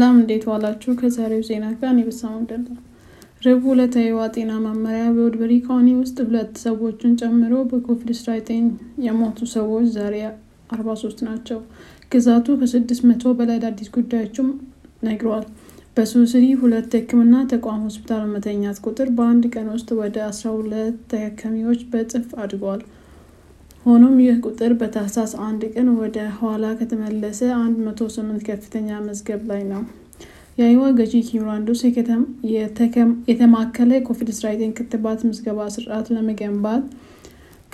ሰላም እንዴት ዋላችሁ? ከዛሬው ዜና ጋር እኔ በሳም ደላ ረቡዕ ዕለት ጤና መመሪያ በውድበሪ ካውንቲ ውስጥ ሁለት ሰዎችን ጨምሮ በኮቪድ-19 የሞቱ ሰዎች ዛሬ 43 ናቸው። ግዛቱ ከስድስት መቶ በላይ አዳዲስ ጉዳዮችም ነግሯል። በሱስሪ ሁለት የህክምና ተቋም ሆስፒታል መተኛት ቁጥር በአንድ ቀን ውስጥ ወደ ሁለት ተከካሚዎች በእጥፍ አድጓል። ሆኖም ይህ ቁጥር በታህሳስ አንድ ቀን ወደ ኋላ ከተመለሰ 108 ከፍተኛ መዝገብ ላይ ነው። የአይዋ ገዢ ኪምራንዱስ የተማከለ የኮቪድ 19 ክትባት ምዝገባ ስርዓት ለመገንባት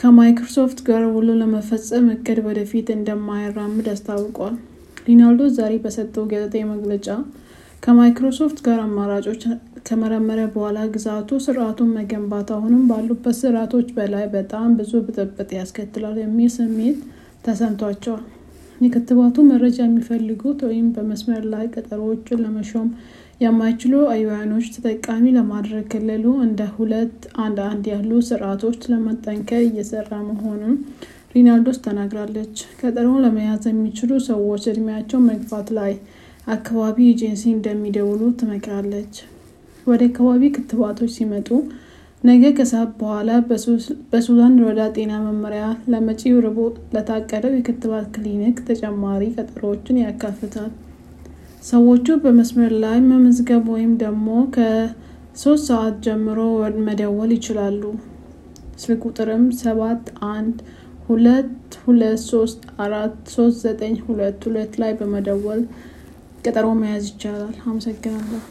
ከማይክሮሶፍት ጋር ውሎ ለመፈጸም እቅድ ወደፊት እንደማይራምድ አስታውቋል። ሪናልዶ ዛሬ በሰጠው ጋዜጣዊ መግለጫ ከማይክሮሶፍት ጋር አማራጮች ከተመረመረ በኋላ ግዛቱ ስርዓቱን መገንባት አሁንም ባሉበት ስርዓቶች በላይ በጣም ብዙ ብጥብጥ ያስከትላል የሚል ስሜት ተሰምቷቸዋል። የክትባቱ መረጃ የሚፈልጉት ወይም በመስመር ላይ ቀጠሮዎችን ለመሾም የማይችሉ አይዋኖች ተጠቃሚ ለማድረግ ክልሉ እንደ ሁለት አንድ አንድ ያሉ ስርዓቶች ለመጠንከር እየሰራ መሆኑን ሪናልዶስ ተናግራለች። ቀጠሮ ለመያዝ የሚችሉ ሰዎች እድሜያቸው መግፋት ላይ አካባቢ ኤጀንሲ እንደሚደውሉ ትመክራለች። ወደ አካባቢ ክትባቶች ሲመጡ ነገ ከሰዓት በኋላ በሱዛን ረዳ ጤና መመሪያ ለመጪው ርቦ ለታቀደው የክትባት ክሊኒክ ተጨማሪ ቀጠሮዎችን ያካፍታል። ሰዎቹ በመስመር ላይ መመዝገብ ወይም ደግሞ ከሶስት ሰዓት ጀምሮ መደወል ይችላሉ። ስልክ ቁጥርም ሰባት አንድ ሁለት ሁለት ሶስት አራት ሶስት ዘጠኝ ሁለት ሁለት ላይ በመደወል ቀጠሮ መያዝ ይቻላል። አመሰግናለሁ።